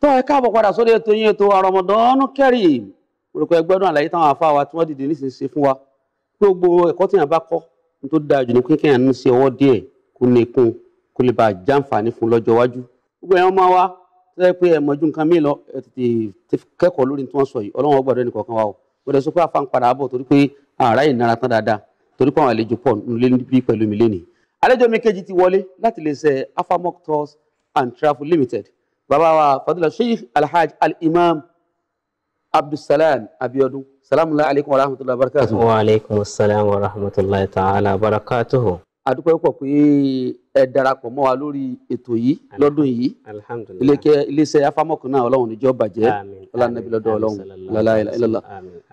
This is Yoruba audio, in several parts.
tó ẹ káàbọ̀ padà sórí ètò yín ètò Ramadan Kareem orúkọ ẹgbẹ́dún àlàyé táwọn afá wa tí wọ́n dìde nísìnyí ṣe fún wa gbogbo ẹ̀kọ́ tí yàn bá kọ́ ní tó dáa jù ní kíkẹ́ yàn ní sí ọwọ́ díẹ̀ kó ní kún kó lè bá a jàǹfààní fún lọ́jọ́ iwájú gbogbo ẹ̀yàn máa wá tẹ́lẹ̀ pé ẹ̀ mọ̀jú nǹkan míì lọ ẹ̀ tètè kẹ́kọ̀ọ́ lórí tí wọ́n sọ yìí ọlọ́wọ́n gbọ́dọ̀ ẹnì kọ̀ọ̀kan wa o gbọ́dọ̀ sọ pé àfa ń padà bọ̀ torí pé àrà yìí nara tán dáadáa torí pé àwọn àlejò pọ̀ nílé bí pẹ̀lú mi lénìí àlejò mi kejì ti wọlé láti lè ṣe Alpha and Travel Limited bàbá wa fadúlà sheikh alhaj al-imam abdulsalam abiodun salamu alaykum wa rahmatulahi wa barakatuhu. wa aleykum salaam wa rahmatulahi ta'ala wa barakatuhu. àdúpẹ́ púpọ̀ pé ẹ darapọ̀ mọ́ wa lórí ètò yìí lọ́dún yìí iléeṣẹ́ afámọ́kùn náà ọlọ́run níjọ́ bàjẹ́ ọlànàbí lọ́dọ̀ ọlọ́run lọ́láìlọ́lá.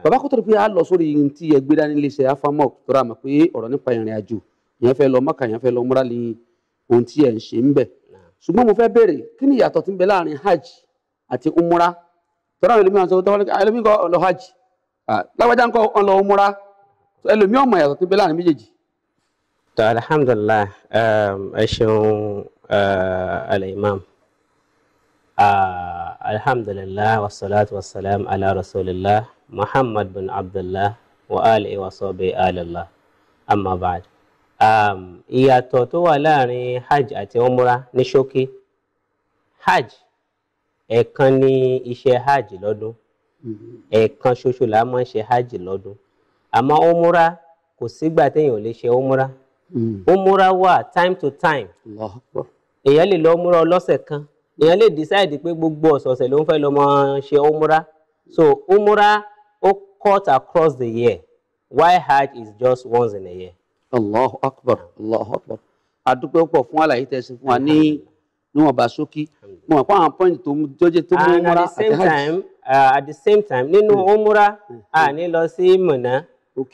bàbá kò tó pé a lọ sórí ti ẹgbẹ́ dání iléeṣẹ́ afámọ́k tó rà mọ̀ pé ọ̀rọ̀ nípa ìrìn àjò ìyẹn fẹ́ lọ Mọ́kà ìyẹn fẹ́ lọ múra lè ohun tí ẹ̀ ń ṣe ṣùgbọ́n mo fẹ́ bèrè kí ni ìyàtọ̀ tí ń bẹ láàrin hajj àti umra tọ́lá àwọn ẹlòmíràn sọ tọ́wọ́lẹ́ ẹlòmíràn kọ́ ọ̀lọ́ hajj lágbájá ń kọ́ ọ̀lọ́ umra ẹlòmíràn ọmọ ìyàtọ̀ tí ń bẹ láàrin méjèèjì. tó alhamdulilah um, ẹ ṣeun uh, alimam alhamdulilah wasalaatu wasalaam ala rasulillah muhammad bin abdullah wa alihi wa sahbihi alillah amma ba'd. Um, ìyàtọ̀ tó wà láàrin hajj àti umra ní ṣókí hajj ẹ̀ẹ̀kan ni iṣẹ́ hajj lọ́dún ẹ̀ẹ̀kan ṣoṣo là máa ń hajj lọ́dún àmọ́ umra kò sígbà téèyàn lè ṣe umra umra wà time to time èèyàn lè lọ umra ọlọ́sẹ̀ kan èèyàn lè decide pé gbogbo ọ̀sọ̀ọ̀sẹ̀ ló ń fẹ́ lọ ṣe umra so umra ó cut across allahu akbar allahu akbar adúpẹ́ púpọ̀ fún àlàyé tẹ̀sí fún wa ní níwọ̀nba ṣókí mo mọ̀ pé àwọn pọ́ìntì tó jọ́jẹ́ tó mú múra àti hajj. Uh, at the same time nínú hmm. umura hmm. a ní lọ sí mọ̀nà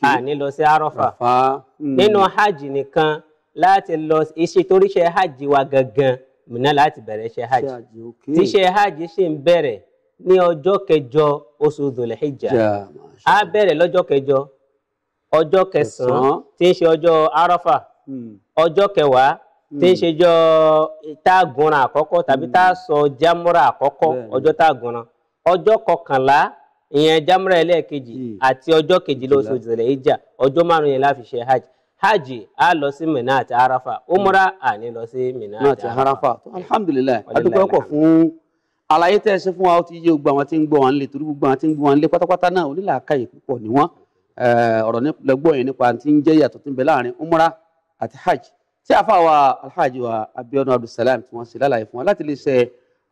a ní lọ sí arọ́fà hmm. nínú hajj nìkan láti lọ iṣẹ́ torí ṣe hajj wa gangan mọ̀nà láti bẹ̀rẹ̀ ṣe hajj tí ṣe hajj ṣì ń bẹ̀rẹ̀ ní ọjọ́ kẹjọ oṣù dhul hijja a bẹ̀rẹ̀ lọ́jọ́ kẹjọ ọjọ́ kẹsàn-án tí ń ṣe ọjọ́ arọ́fà hmm. ọjọ́ kẹwàá tí ń ṣejọ́ jọ àkọ́kọ́ tàbí tá hmm. jámúra àkọ́kọ́ ọjọ́ tá ọjọ́ kọkànlá ìyẹn jámúra ẹlẹ́ẹ̀kejì hmm. àti ọjọ́ kejìlá oṣù ìjà ọjọ́ márùn-ún yẹn hajj hajj a lọ sí mina àti arafa umra a ní lọ sí mina àti arafa alhamdulilayi adúgbò fún àlàyé ẹ Eh, ọ̀rọ̀ lẹ́gbọ́n yẹn nípa tí ń jẹ́ yàtọ̀ tí ń bẹ láàrin umra àti hajj tí àfa wa alhaji wa abiodun abdulsalam tí wọ́n ṣe lálàyé fún wa láti lè ṣe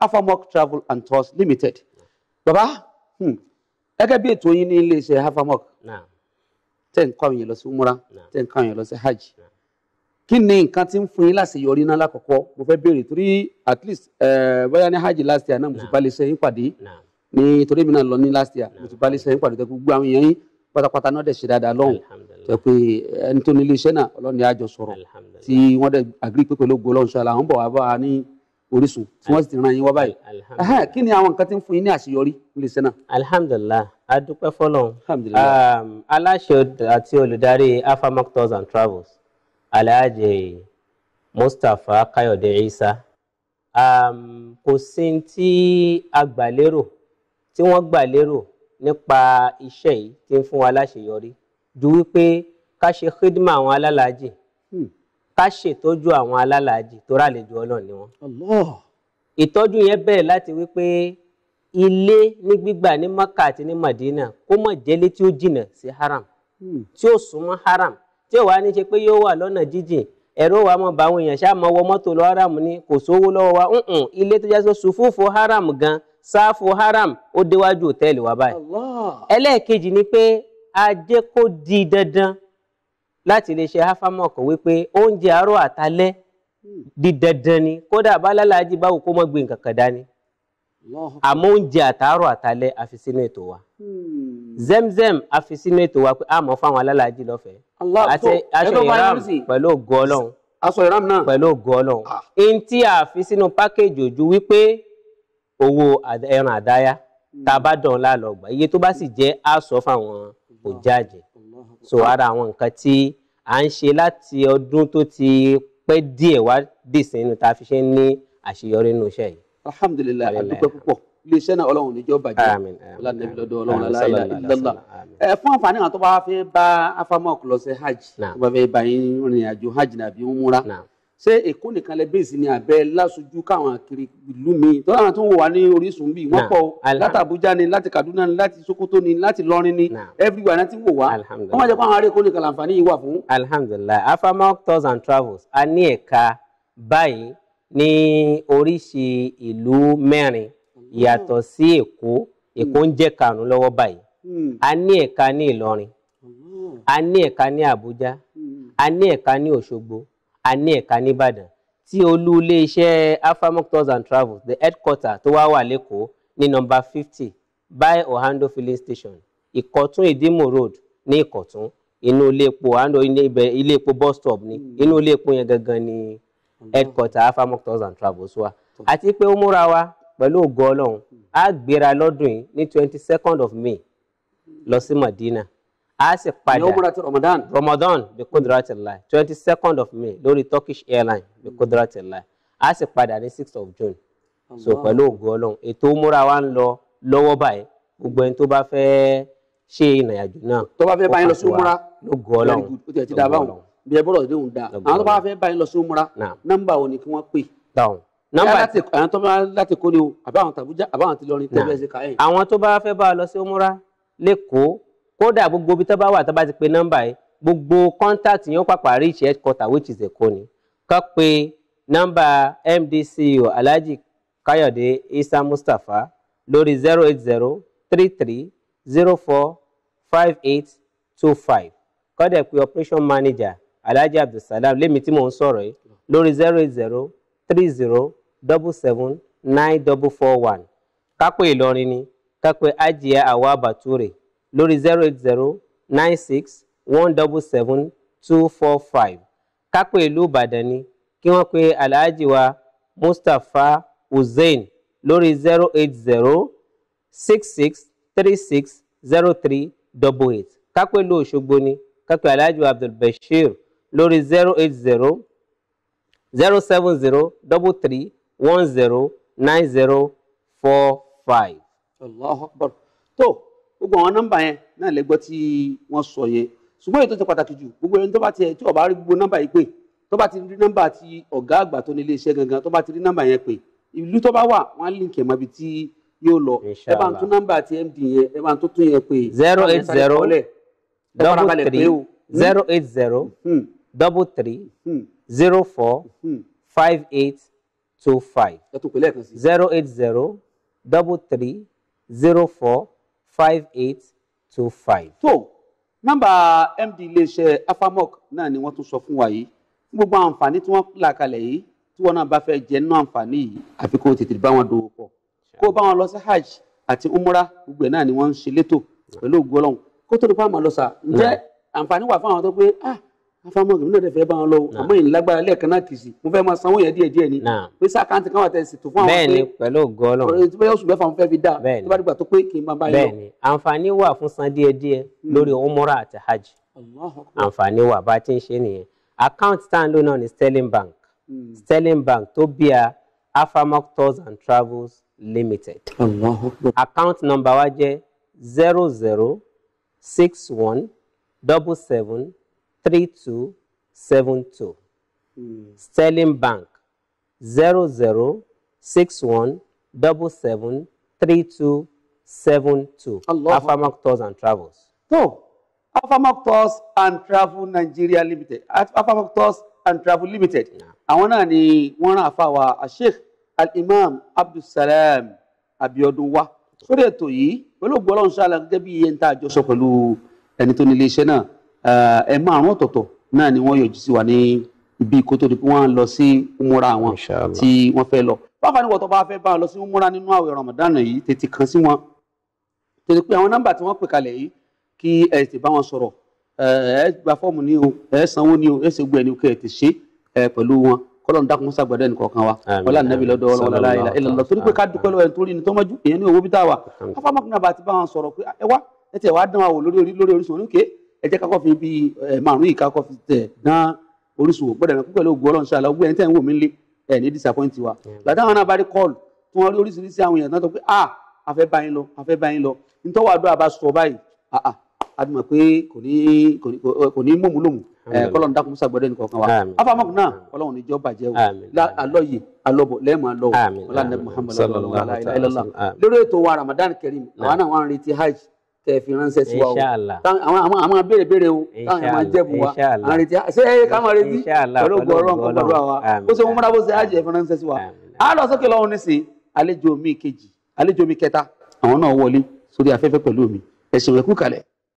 afamok travel and tours limited baba hmm, gẹ́gẹ́ bí ètò yín ní iléeṣẹ́ afamok tẹ̀ ń kọ́ àwọn èèyàn lọ sí umra tẹ̀ ń kọ́ àwọn lọ sí hajj kí ni nǹkan tí ń fún yín láti yọrí náà lákọ̀ọ́kọ́ mo fẹ́ béèrè torí at least eh, bóyá ní hajj last year náà mo ti bá lè ṣe yín pàdé ní torí mi náà lọ ní last year mo ti bá lè ṣe yín pàdé tẹ́ gbogbo àwọn èèyàn yín pátápátá náà dẹ̀ ṣe dáadáa lọ́hùn tẹ pé eh, ẹni tó ní iléeṣẹ́ náà ọlọ́run ni àjọ sọ̀rọ̀ tí wọ́n dẹ̀ agiri pé pẹ̀lú ògbó ọlọ́run ṣọlá àwọn bọ̀ wá bá wa ní orísun tí wọ́n sì ti ran yín wá báyìí kí ni àwọn nǹkan tí ń fún yín ní àṣeyọrí iléeṣẹ́ náà. alhamdulilah adúpẹ́ fọlọ́n um, aláṣẹ àti olùdarí alpha mark tours and travels alhaji mustapha kayode isa um, kò sí ti agbàlérò tí wọ́n gbàlérò nípa iṣẹ́ yìí tí ń fún wa láṣeyọrí ju wípé ká ṣe khidma àwọn alálàájì hmm. ká ṣètọ́jú àwọn alálàájì tó ràlejò Ọlọ́run ni wọn. ìtọ́jú yẹn bẹ̀rẹ̀ láti wípé ilé ní gbígbà ní Maka àti ní Madina kó mọ̀ jẹ́lé tí ó jìnà sí haram hmm. tí ó súnmọ́ haram tí ò wá ní ṣe pé yóò wà lọ́nà jíjìn ẹ̀rọ wa mọ̀ bá àwọn èèyàn ṣáà mọ̀ wọ mọ́tò lọ haram ni kò sówó lọ́wọ́ wa ilé tó jẹ́ sọ haram gan-an sáfù haram ó déwájú òtẹ́ẹ̀lì wa báyìí. ẹlẹ́ẹ̀kejì ni pé ajé kó di dandan láti lè ṣe háfámọ́ ọkọ̀ wípé oúnjẹ àárọ̀ àtalẹ́ di dandan ni kódà bálálàájì báwo kó mọ́ gbé nǹkan kan dání àmọ́ oúnjẹ àtàárọ̀ àtalẹ́ àfi sínú ètò wa hmm. zemzem àfi sínú ètò wa pé a mọ̀ fáwọn alálàájì lọ́fẹ̀ẹ́ àti aṣọ ìram pẹ̀lú ògo ọlọ́run aṣọ ìram náà pẹ̀lú ògo ọlọ́run ah. n tí sínú pákéjì ojú wípé owó ẹran àdáyá hmm. tá a bá dán an láàlọ́ gbà iye tó bá sì jẹ́ á sọ fáwọn òjáàjẹ so ara àwọn nǹkan tí à ń ṣe láti ọdún tó ti pẹ́ díẹ̀ wá dìsín inú tá a fi ṣe ń ní àṣeyọrí nínú iṣẹ́ yìí. alhamdulilayi a dúpẹ́ púpọ̀ iléeṣẹ́ náà ọlọ́run níjọ́ bàjẹ́ ọlọ́nàbí lọ́dọ̀ ọlọ́run aláìlá ìlọ́lá ẹ fún àǹfààní àwọn tó bá fẹ́ bá afamọ́ ọ̀kùnlọ́sẹ̀ hajj tó bá fẹ́ bá yín rìnrìn àjò hajj nàbí ń múra ṣé èkó nìkan lẹ bẹ́ẹ̀ ni àbẹ lásojú káwọn àkiri ìlú mi tọ́lá àwọn tó ń wò wá ní orísun bíi wọ́n pọ̀ láti Àbújá ni láti Kaduna ni láti Sokoto ni láti Lọrin ni everywhere náà ti ń wò wá wọ́n máa jẹ́ pé àwọn ará èkó nìkan làǹfààní yìí wà fún. alhamdulilayi afamok tours and travels a ní ẹ̀ka báyìí ní oríṣi ìlú mẹ́rin yàtọ̀ sí èkó èkó ń jẹ́ karùn-ún lọ́wọ́ báyìí hmm. a ní ẹ̀ka ní Ìlọrin hmm. a ní ẹ̀ka ní Àbújá hmm. a ní ẹ̀ka ní Òṣogbo a ní ẹ̀ka nìbàdàn tí olú iléeṣẹ́ afamok tours and travels the headquarter tó wá wà lẹ́kọ̀ọ́ ní nọ́mbà fifty by ohando filling station ìkọ̀tún ìdímọ̀ road ní ìkọ̀tún inú ilé epo ohando ilé epo bus stop ni hmm. inú ilé epo yẹn gangan ni hmm. headquarter afamok tours and travels wa hmm. àti pé ó múra wa pẹ̀lú ògo ọlọ́run á gbéra lọ́dún yìí ní twenty second of may lọ sí madina a sì padà yomurati Ramadan Ramadan bí kudurati lai twenty second of May lórí Turkish airline, bí kudurati lai a sì padà ní six of June so pẹ̀lú ògo Ọlọ́run ètò múra wa ń lọ lọ́wọ́ báyìí gbogbo ẹni tó bá fẹ́ ṣe ìrìnàjò náà tó bá fẹ́ báyìí lọ sí múra lógo Ọlọ́run ó ti ẹ̀ ti dá báwọn bí ẹ bọ́rọ̀ ìdíhùn dá àwọn tó bá fẹ́ báyìí lọ sí múra nọ́mbà wo ni kí wọ́n pè àwọn tó bá fẹ́ bá lọ sí múra lẹ́kọ̀ọ́ kódà gbogbo ibi tó bá wà tó bá ti pe nọ́mbà yìí gbogbo contact yẹn ó pàpà reach headquarter which is Èkó ni kọ́ pé nọ́mbà MDCO e Alhaji Káyọ̀dé Isa Mustapha lórí zero eight zero three three zero four five eight two five kọ́dẹ̀ pé operation manager Alhaji Abdulsalam lémi tí mò ń sọ̀rọ̀ yìí lórí zero eight zero three zero double seven nine double four one kápẹ́ Ìlọrin ni kápẹ́ Ajia Awa Bature lórí zero eight zero nine six one double seven two four five kápẹ́ ìlú ìbàdàn ni kí wọ́n pe alhaji wa mustapha hussein lórí zero eight zero six six three six zero three double eight kápẹ́ ìlú òṣogbo ni kápẹ́ alhaji wa abdulbashir lórí zero eight zero zero seven zero double three one zero nine zero four five. Allahu Akbar. tó gbogbo àwọn nọ́mbà yẹn náà lẹ́gbọ́ tí wọ́n sọ yẹn ṣùgbọ́n èyí tó ti pàtàkì jù gbogbo ẹni tó bá ti tí ó bá rí gbogbo nọ́mbà yìí pé tó bá ti rí nọ́mbà ti ọ̀gá àgbà tó ní iléeṣẹ́ gangan tó bá ti rí nọ́mbà yẹn pé ìlú tó bá wà wọ́n á líǹkì ẹ̀mọ́ ibi tí yóò lọ ẹ bá ń tún nọ́mbà ti md yẹn ẹ bá ń tún tún yẹn pé. zero eight zero hmm. double three hmm. hmm. zero eight zero double three zero four five eight two five zero eight zero double three zero four five eight two five. So, nọ́mbà md iléeṣẹ́ afamok náà ni wọ́n tún sọ fún wa yìí fún gbogbo àǹfààní tí wọ́n là kalẹ̀ yìí tí wọ́n náà bá fẹ́ jẹ nínú àǹfààní yìí àfi kó o tètè bá wọn dòwò pọ̀ kó o bá wọn lọ sí hajj àti umra gbogbo ẹ̀ náà ni wọ́n ń ṣe létò pẹ̀lú ògùn kó tó lè fáwọn àlọ́sà ǹjẹ́ àǹfààní wà fáwọn tó pé ah afamọ́gì mi náà dẹ̀ fẹ́ bá wọn lọ àmọ́ ìyìn lágbára lẹ́ẹ̀kan náà kì í sí mo fẹ́ máa sanwó yẹn díẹ̀ díẹ̀ ni pé sí àkáǹtì kan wà tẹ̀ ṣètò fún àwọn pé bẹ́ẹ̀ ni pẹ̀lú gọ́ọ̀lọ̀ tí bẹ́ẹ̀ oṣù mẹ́fà mo fẹ́ fi dá tó bá dìgbà tó pé kì í máa bá yọ. bẹ́ẹ̀ ni àǹfààní wà fún san díẹ̀ díẹ̀ hmm. lórí umura àti hajj àǹfààní wà bá ti ń ṣe nìyẹn àkáǹtì tá à ń lò náà ni Sterling Bank mm. Sterling Bank tó bíà Afamok Tours and Travels Limited àkáǹtì nọ́mbà wa jẹ́ zero zero six one double seven 3272. Mm. Sterling Bank 0061 double seven three two seven two. Afamac Tours and Travels. So, Afamac Tours and Travel Nigeria Limited. Afamac Tours and Travel Limited. Àwọn náà ni wọ́n rán àfàwà Sheikh Al-Imam Abdulsalam Abiodun wa. Sórí ètò yìí, olóògbé ọlọ́run ṣáàlà gẹ́gẹ́ bí iye ń tá àjọṣọ pẹ̀lú ẹni tó ní iléeṣẹ́ náà ẹ márùn ọ̀tọ̀ọ̀tọ̀ náà ni wọ́n yọjú sí wa ní ibi kó tó di pé wọ́n lọ sí umura wọn tí wọ́n fẹ́ lọ báfa ni wọ́n tó bá fẹ́ bá wọn lọ sí umura nínú àwẹ̀ Ramadan yìí tètè kàn sí wọn tètè pé àwọn nọ́mbà tí wọ́n pè kalẹ̀ yìí kí ẹ ti bá wọn sọ̀rọ̀ ẹ gba fọ́ọ̀mù ni o ẹ sanwó ni o ẹ ṣe gbẹ ni o kẹ ẹ ti ṣe ẹ pẹ̀lú wọn kọlọ́n dákun sàgbàdo ẹnì kọ̀ọ̀kan wa wọlé ànábì lọ́dọ̀ ọlọ́wọ́ láyé ìlànà torí pé ká dúpẹ́ lọ́wọ́ ẹni tó rí ni tọ́mọ́jú èèyàn ní owó bí tá a wà káfá mọ́kànlá bá ti bá wọn sọ̀rọ̀ ẹ jẹ́ kákọ́ fi bíi márùn yìí kákọ́ fi tẹ̀ dán Orísun wò gbọ́dọ̀ ẹ̀kú pẹ̀lú ògùn ọlọ́run ṣáà lọ́gbọ́n ẹ̀ ń tẹ̀ ń wò mí lé ẹ̀ ní disappoint wa mm. gbàtà àwọn náà bá rí kọ́ọ̀lù tí wọ́n rí oríṣiríṣi àwọn èèyàn náà tó pé ah a fẹ́ bá yín lọ a fẹ́ bá yín lọ nítọ́wọ́ àdúrà bá sọ báyìí ah ah a ti mọ̀ pé kò ní mòmúlòmù kọ́lọ́n dákun sàgbọ́dọ̀ nìkan kan wa afamọ́kùn náà kọ́lọ́n níjọ́ bàjẹ́ o alọ́yè alọ́bọ̀ lẹ́ẹ̀mọ́ alọ́wọ́ ọlá nẹ́bí Muhammad sallallahu alaihi wa sallam lórí ètò wa Ramadan Kareem àwọn náà wà tẹ fi ránṣẹ́ sí wa o àwọn àwọn àwọn béèrè béèrè o táwọn yẹn máa jẹ́bù wa àwọn retí ṣé ká máa retí pẹ̀lú ògbó ọlọ́run kó gbàdúrà wa ó ṣe wọn múra bó ṣe á jẹ fi ránṣẹ́ sí wa á lọ sókè lọ́wọ́ nísìn àlejò mi kejì àlejò mi kẹta àwọn náà wọlé sórí afẹ́fẹ́ pẹ̀lú mi ẹ̀sìn rẹ̀ kú kalẹ̀.